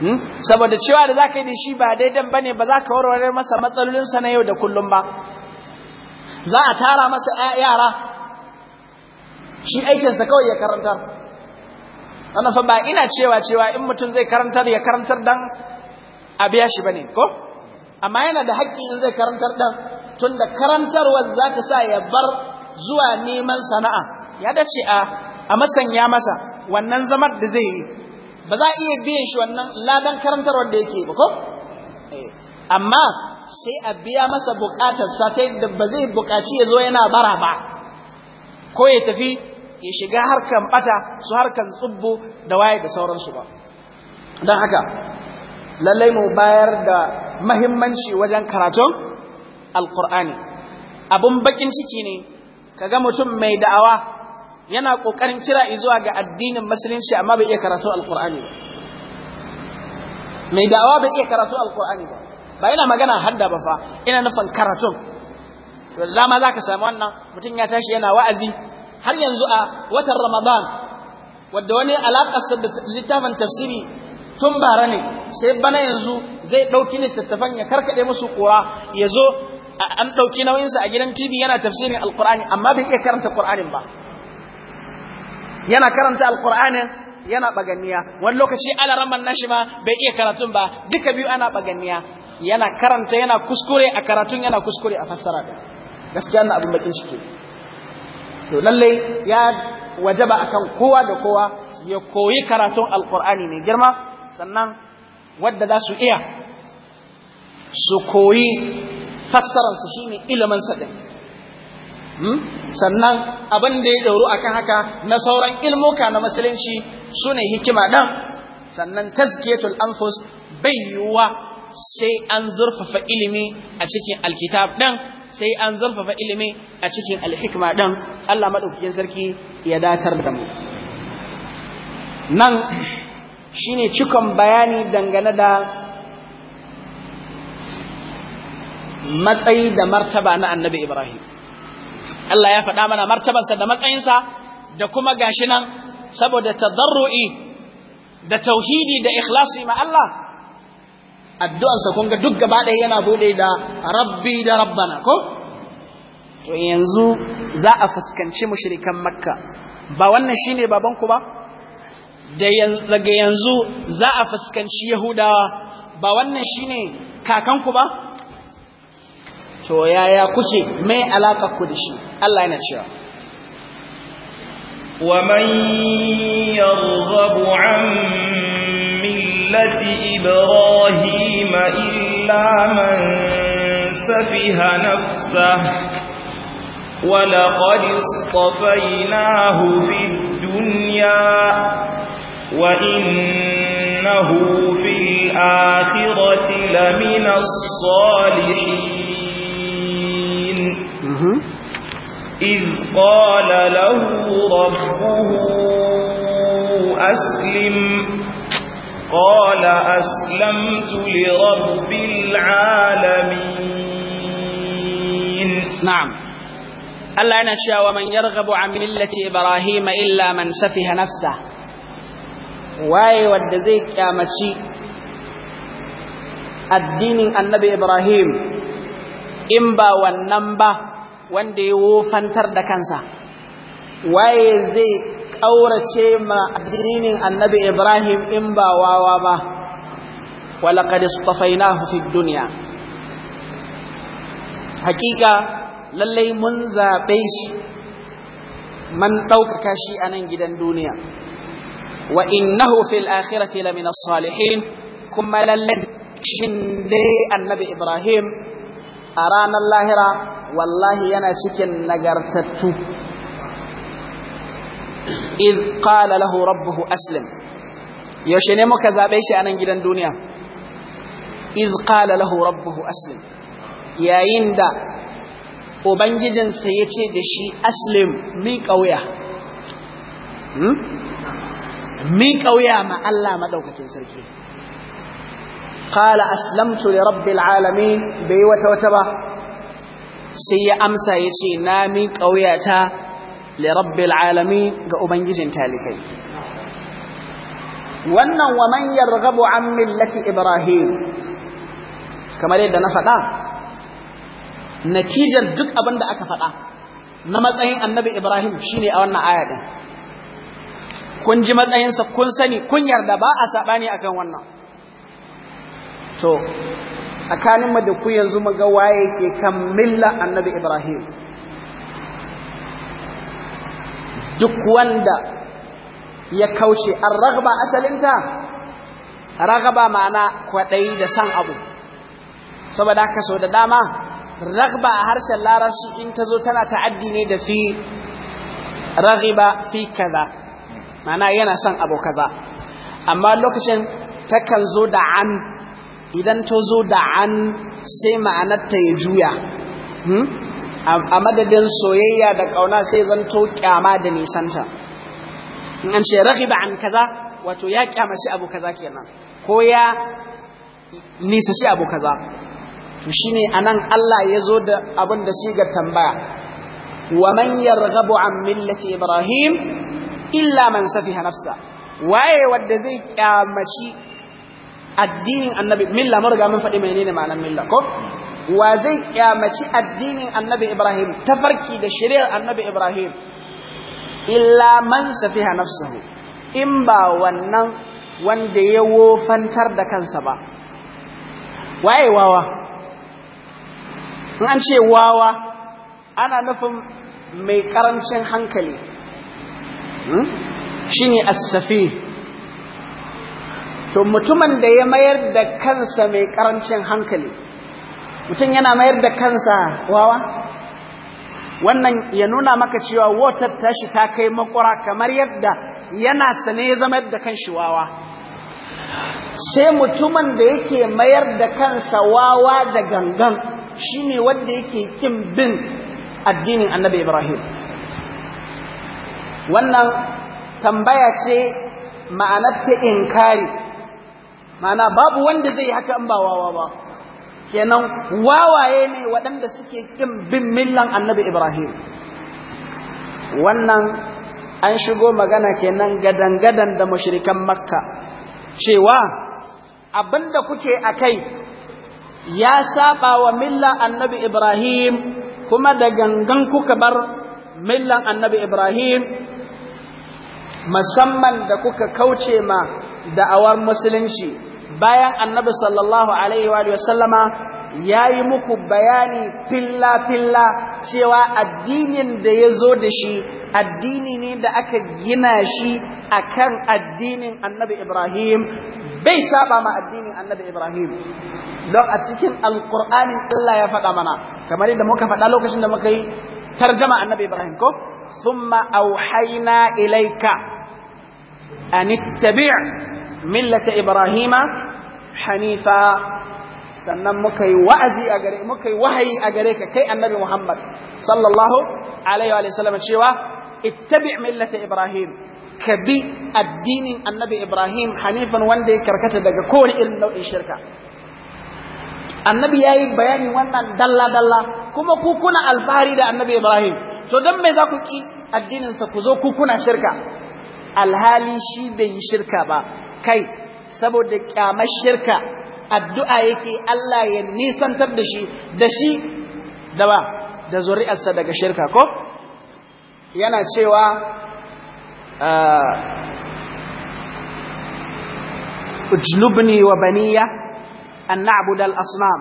hmm? saboda cewa da za yi da shi ba daidan ba ba za ka warware masa matsalolin sa na yau da kullum ba za a tara masa yara shi aikinsa kawai ya karantar ana fa ba ina cewa cewa in mutum zai karantar ya karantar dan a biya shi bane ko amma yana da haƙƙi in zai karantar dan tunda karantarwar za ta sa ya bar zuwa neman sana'a ya dace a a masanya masa wannan zamar da zai yi ba za a iya biyan shi wannan ladan karantarwar da yake ba ko eh, amma sai a biya masa bukatarsa ta yadda ba zai bukaci ya zo yana bara ba ko ya tafi ya shiga harkan bata su harkan tsubbu da waye da sauransu ba don haka lallai mu bayar da mahimmanci wajen karatun alkur'ani abun bakin ciki ne kaga mutum mai da'awa yana kokarin kira zuwa ga addinin musulunci amma bai iya karatu alkur'ani ba mai da'awa bai iya karatu alkur'ani ba ba ina magana hadda ba fa ina nufin karatun to da dama zaka samu wannan mutum ya tashi yana wa'azi har yanzu a watan Ramadan wadda wani alaƙarsa da littafin tafsiri tun bara ne sai bana yanzu zai ɗauki littattafan ya karkaɗe musu ƙura ya zo an ɗauki nauyinsa a gidan TV yana tafsirin alƙur'ani amma bai iya karanta ƙur'anin ba yana karanta alƙur'anin yana baganiya wani lokaci alaramman nashi ma bai iya karatun ba duka biyu ana baganiya yana karanta yana kuskure a karatun yana kuskure a fassara gaskiya na abin bakin ciki to lallai ya wajaba akan kowa da kowa ya koyi karatun alkur'ani mai girma sannan wadda za su iya su koyi fassararsa shi ne ilimin ɗin hmm? sannan abin da ya ɗauru akan haka na sauran ilmuka na musulunci su ne hikima ɗan sannan tazkiyatul anfus bai yiwuwa sai an zurfafa ilimi a cikin alkitab ɗin sai an zurfafa ilimi a cikin alhikma ɗin Allah maɗaukakin sarki ya datar da mu nan shine cikon bayani dangane da matsayi da martaba na annabi Ibrahim Allah ya faɗa mana martabarsa da matsayinsa da kuma gashi nan saboda tazarru'i da tauhidi da ikhlasi ma Allah addu'arsa kun ga duk gaba ɗaya yana bude da rabbi da rabbana ko to yanzu za a fuskanci mushrikan makka ba wannan shine baban ku ba daga yanzu za a fuskanci yahudawa ba wannan shine kakan ku ba to yaya kuke mai alaka ku da shi Allah yana cewa ومن يرغب عن مِلَّةِ إِبْرَاهِيمَ إِلَّا مَن سَفِهَ نَفْسَهُ وَلَقَدِ اصْطَفَيْنَاهُ فِي الدُّنْيَا وَإِنَّهُ فِي الْآخِرَةِ لَمِنَ الصَّالِحِينَ إِذْ قَالَ لَهُ رَبُّهُ أَسْلِمْ قال أسلمت لرب العالمين نعم الله ينشى ومن يرغب عن ملة إبراهيم إلا من سفه نفسه waye wadda zai kyamaci addinin annabi Ibrahim in ba wannan ba wanda ya wofantar da kansa waye zai ƙaurace ma addinin annabi Ibrahim in ba wawa ba walaƙad istafainahu fid dunya hakika lallai mun zaɓe shi man ɗaukaka shi a nan gidan duniya wa innahu fil akhirati lamina salihin kuma lallai shin dai annabi Ibrahim a ranar lahira wallahi yana cikin nagartattu iz qala lahu rabbuhu aslim yaushe ne muka zabe shi anan gidan duniya iz qala lahu rabbuhu aslim yayin da ubangijinsa ya ce da shi aslim mi kauya mi kauya ma Allah madaukakin sarki qala aslamtu da rabbil alamin bai wata wata ba sai ya amsa yace na mi kauyata lirabbil alamin ga ubangijin talikai wannan wa man yarghabu an millati ibrahim kamar yadda na faɗa natijar duk abin da aka faɗa na matsayin annabi ibrahim shine a wannan aya kun ji matsayinsa kun sani kun yarda ba a saɓani wannan to tsakaninmu da ku yanzu mu ga waye ke kan milla annabi ibrahim duk wanda ya kaushe an ragaba asalinta ragaba ma'ana kwaɗayi da san abu saboda haka sau da dama ragba a harshen larabci in ta zo tana ta'addi ne da fi ragiba fi kaza ma'ana yana san abu kaza amma lokacin takan zo da an idan ta zo da an sai ma'anarta ya juya hmm? a madadin soyayya da kauna sai zanto kyama da nisanta in an ce raghiba an kaza wato ya kyamaci abu kaza kenan ko ya shi abu kaza to shine anan Allah ya zo da abin da shi ga tambaya wa man yarghabu an millati ibrahim illa man safiha nafsa waye wanda zai kyamaci addinin annabi milla mun riga mun faɗi menene ma'anar milla ko wa zai kyamaci addinin annabi Ibrahim tafarki da shari'ar annabi Ibrahim illa man safiha nafsuhu in ba wannan wanda ya wofantar da kansa ba waye wawa in an ce wawa ana nufin mai karancin hankali hmm? shine as-safi to mutumin da ya mayar da kansa mai karancin hankali mutum yana mayar da kansa wawa wannan ya nuna maka cewa watar tashi ta kai makwara kamar yadda yana sane ya zama da kanshi wawa sai mutumin da yake mayar da kansa wawa da gangan shine wanda yake kin bin addinin annabi ibrahim wannan tambaya ce ma'anar ta inkari ma'ana babu wanda zai haka in ba wawa ba kenan wawaye ne waɗanda suke ƙin bin millan annabi Ibrahim wannan an shigo magana kenan gadan-gadan da mashirikan makka cewa abinda kuke a kai ya saba wa millan annabi Ibrahim kuma da gangan kuka bar millan annabi Ibrahim musamman da kuka kauce ma da'awar musulunci bayan annabi sallallahu alaihi wa sallama ya yi muku bayani filla-filla cewa addinin da ya zo da shi addini ne da aka gina shi akan addinin annabi Ibrahim bai saba ma addinin annabi Ibrahim don a cikin alkur'ani Allah ya faɗa mana kamar yadda muka faɗa lokacin da muka yi tarjama annabi Ibrahim ko thumma auhayna ilaika. an ittabi' millata ibrahima hanifa sannan muka yi wa'azi a gare muka yi wahayi a gare ka kai annabi muhammad sallallahu alaihi wa sallam cewa ittabi millata ibrahim ka bi addinin annabi ibrahim hanifan wanda ya karkata daga kowane irin nau'in shirka annabi ya yi bayanin wannan dalla-dalla kuma ku kuna alfahari da annabi ibrahim so don me za ku ki addininsa ku zo ku kuna shirka alhali shi bai yi shirka ba kai saboda kyamar shirka addu'a yake Allah ya nisantar da shi da shi da ba da zuri'arsa daga shirka ko yana cewa ah, ujlubni wa baniya an na'budu al-asnam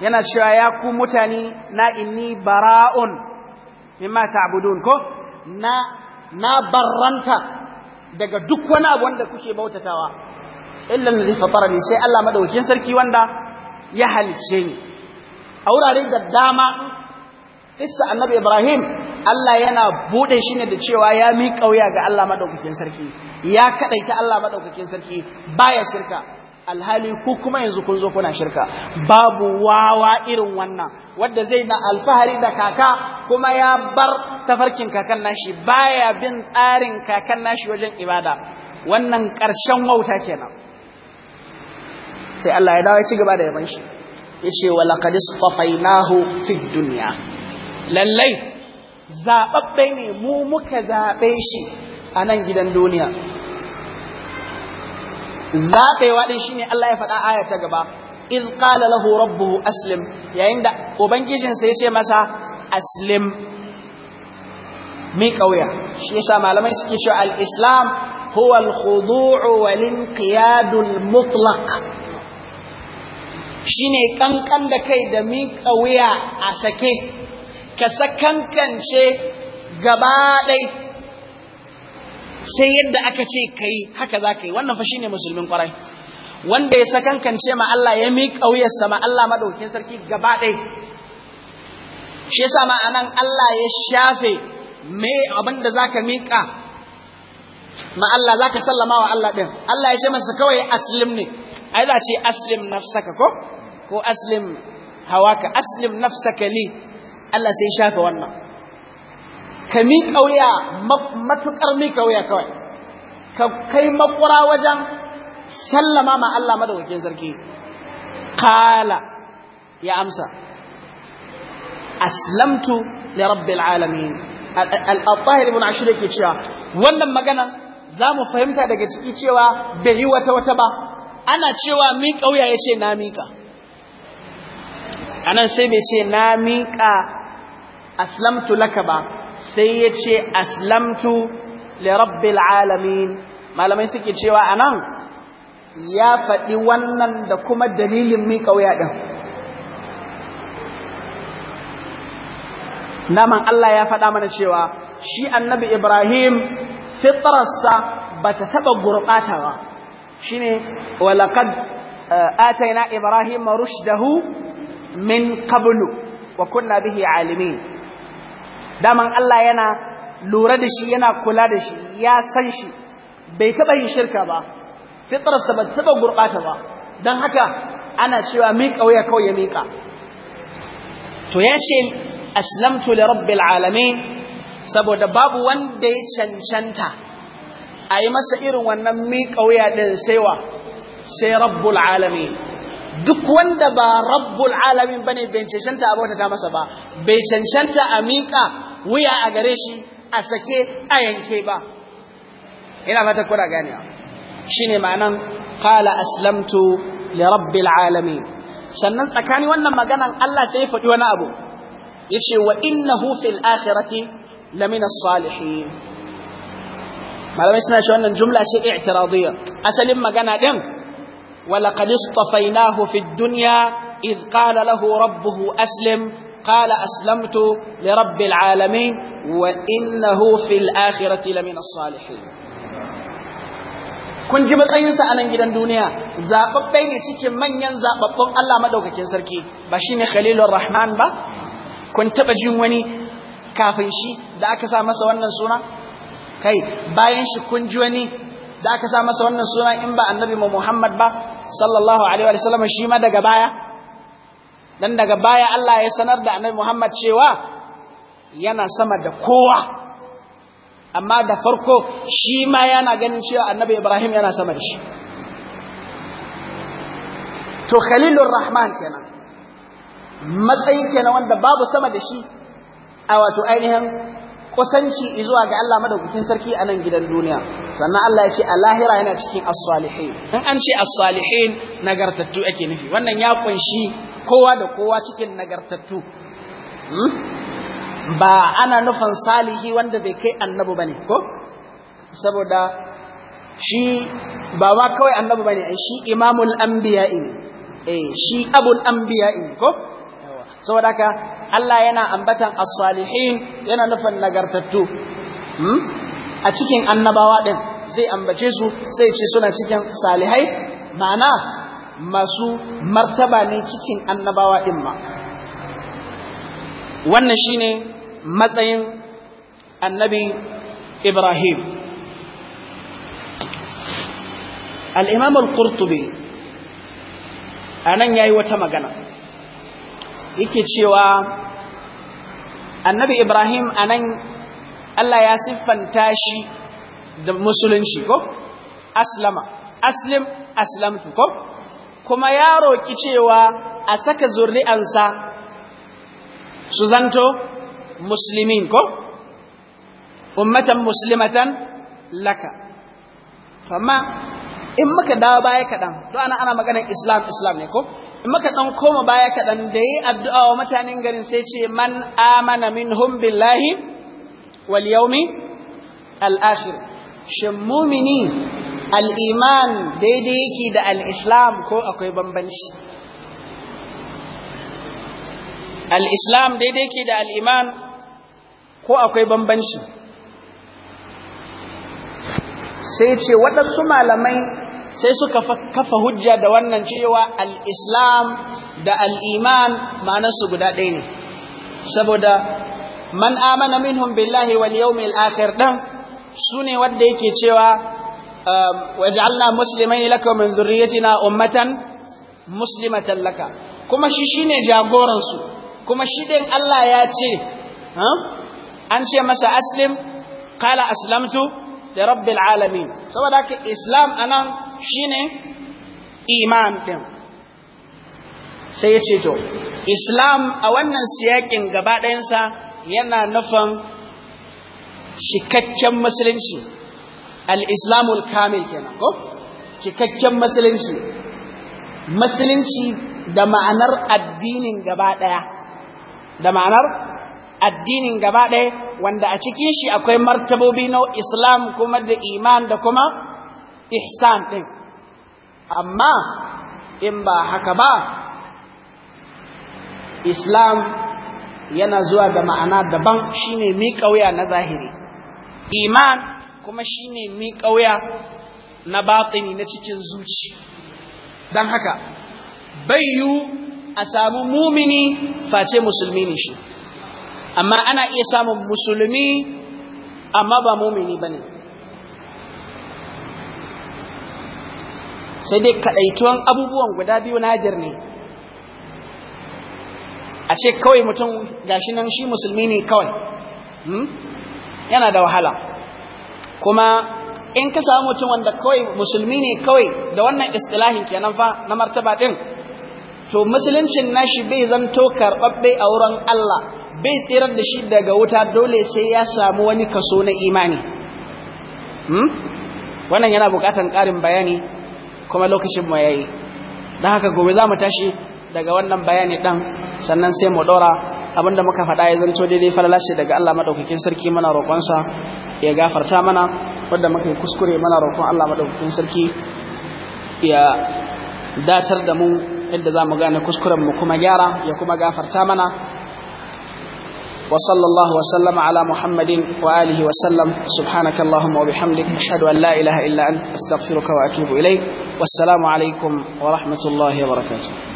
yana cewa ya ku mutane na inni bara'un mimma ta'budun ko na na barranta daga duk wani abu wanda kuke bautatawa illa allazi fatarani sai Allah madaukakin sarki wanda ya halice ni a wurare da dama kissa annabi Ibrahim Allah yana bude shi ne da cewa ya mi kauya ga Allah madaukakin sarki ya kadaita Allah madaukakin sarki baya shirka alhali ku kuma yanzu kun zo kuna shirka babu wawa irin wannan wanda zai na alfahari da kaka kuma ya bar tafarkin kakan nashi baya bin tsarin kakan nashi wajen ibada wannan ƙarshen wauta kenan sai Allah ya dawo ya ci gaba da yaban shi yace wa laqad istafainahu fi dunya lallai zababbe ne mu muka zabe shi a nan gidan duniya zaƙewa ɗin shine Allah ya faɗa aya ta gaba iz qala lahu rabbuhu aslim yayin da ubangijinsa ya ce masa aslim mi kauya shi yasa malamai suke cewa al-islam huwa al-khudu'u wal inqiyadu al-mutlaq shine kankan da kai da mi kauya a sake ka sakankance gaba ɗaya sai yadda aka ce kai haka za ka yi wannan fa ne musulmin kwarai wanda ya sakankance ma Allah ya mi ƙauyar ma Allah maɗaukin sarki gaba ɗaya shi yasa ma anan Allah ya shafe me abinda zaka miƙa ma Allah za ka sallama wa Allah ɗin. Allah ya ce masa kawai aslim ne ai za ce aslim nafsaka ko ko aslim hawaka aslim nafsaka ne Allah sai shafe wannan ka miƙa wuya matuƙar miƙa wuya kawai ka kai maƙura wajen sallama ma Allah madawakin sarki kala ya amsa aslamtu li rabbi alamin al ibn ashir yake cewa wannan magana za mu fahimta daga ciki cewa bai yi wata wata ba ana cewa miƙa wuya ya ce na miƙa anan sai bai ce na miƙa aslamtu laka ba sai ya ce aslamtu lirabbil alamin malamai suke cewa anan ya faɗi wannan da kuma dalilin miƙa wuya ɗin naman Allah ya faɗa mana cewa shi annabi Ibrahim fitrarsa ba ta taɓa gurɓata ba shi ne walaƙad eh, ataina Ibrahim rushdahu min qablu wa kunna bihi alimin daman Allah yana lura da shi yana kula da shi ya san shi bai taba yin shirka ba fitarsa ba taɓa gurɓata ba don haka ana cewa miƙa wuya kawai ya miƙa to ya ce aslamtu li rabbil alamin saboda babu wanda ya cancanta ayi masa irin wannan miƙa wuya ɗin saiwa sai rabbul alamin duk wanda ba rabbul alamin bane bai cancanta a ta masa ba bai cancanta a miƙa wuya a gare shi a sake a yanke ba ina fata kuna ganewa shine ma'anan qala aslamtu li rabbil alamin sannan tsakani wannan maganan Allah sai ya faɗi wani abu yace wa innahu fil akhirati lamina salihin malamai suna cewa wannan jumla ce i'tiradiyya asalin magana ɗin wa laqad istafainahu fid dunya idh qala lahu rabbuhu aslim قال أسلمت لرب العالمين وإنه في الآخرة لمن الصالحين kun ji matsayinsa a nan gidan duniya zaɓaɓɓe ne cikin manyan zaɓaɓɓun Allah maɗaukakin sarki ba shi ne khalilur rahman ba kun taɓa jin wani kafin shi da aka sa masa wannan suna kai bayan shi kun ji wani da aka sa masa wannan suna in ba annabi Muhammad ba sallallahu alaihi shi ma daga baya dan daga baya Allah ya sanar da annabi Muhammad cewa yana sama da kowa amma da farko shi ma yana ganin cewa annabi Ibrahim yana sama da shi to khalilur rahman kenan matsayi kenan wanda babu sama da shi a wato ainihin kusanci zuwa ga Allah madaukakin sarki a nan gidan duniya sannan Allah ya ce a lahira yana cikin as-salihin in an ce as-salihin nagartattu ake nufi wannan ya kunshi kowa da kowa cikin nagartattu hmm? ba ana nufin salihi wanda bai kai annabu bane ko saboda shi ba ma kawai annabu bane ai shi imamul anbiya'i eh shi abul anbiya'i ko saboda haka Allah yana ambatan as-salihin yana nufin nagartattu hmm? a cikin annabawa din zai ambace su sai ce suna cikin salihai ma'ana masu martaba ne cikin annabawa ɗin ma wannan shine matsayin annabi ibrahim al'imam al-kurtubi a nan ya yi wata magana yake cewa annabi ibrahim a nan allah ya siffanta shi da musulunci ko aslama aslim aslamtu ko kuma ya roƙi cewa a saka zurri'ansa su zanto musulmin ko ummatan Musulmatan laka amma in muka dawo baya kaɗan to ana ana maganar islam islam ne ko in muka ɗan koma baya kaɗan da yi addu'a wa mutanen garin sai ce man amana minhum billahi wal yaumi al'ashir shin mumini al'iman daidai yake da al'islam ko akwai bambanci al'islam daidai yake da al'iman ko akwai bambanci sai ce waɗansu malamai sai suka kafa hujja da wannan cewa al'islam da al'iman ma'anansu guda ɗaya ne saboda man amana minhum billahi wal yawmil akhir dan sune wanda yake cewa waj'alna muslimaini laka wa min dhurriyyatina ummatan muslimatan laka kuma shi shine jagoran su kuma shi din Allah ya ce an ce masa aslim qala aslamtu li rabbil alamin saboda haka islam anan shine iman din sai ya ce to islam a wannan siyakin gaba ɗayansa yana nufin cikakken musulunci al-islamul kamil kenan ko cikakken musulunci musulunci da ma'anar addinin gaba ɗaya da ma'anar addinin gaba ɗaya wanda a cikin shi akwai martabobi na islam kuma da iman da kuma ihsan ɗin amma in ba haka ba islam yana zuwa da ma'ana daban shine miƙa wuya na zahiri iman kuma shi ne mi ƙauya na batini na cikin zuci don haka bayyu a samu mumini face musulmi ne shi amma ana iya samun musulmi amma ba mumini ba ne. sai dai tuwon abubuwan guda biyu nadir ne a ce kawai mutum gashi nan shi musulmi ne kawai hmm? yana da wahala kuma in ka samu mutum wanda kawai musulmi ne kawai da wannan istilahin kenan fa na martaba din to musuluncin nashi bai zanto karɓaɓɓe a wurin Allah bai tsirar da shi daga wuta dole sai ya samu wani kaso na imani hmm? wannan yana buƙatar ƙarin bayani kuma lokacin mu yayi dan haka gobe za mu tashi daga wannan bayani ɗan sannan sai mu dora abinda muka faɗa ya zanto daidai falalashi daga Allah madaukakin sarki muna roƙonsa ya gafarta mana wadda muka yi kuskure mana roƙon Allah madaukakin sarki ya datar da mu yadda za mu gane kuskuren mu kuma gyara ya kuma gafarta mana wa sallallahu wa sallama ala muhammadin wa alihi wa sallam subhanaka allahumma wa bihamdik ashhadu an la ilaha illa anta astaghfiruka wa atubu ilai wassalamu alaikum wa rahmatullahi wa barakatuh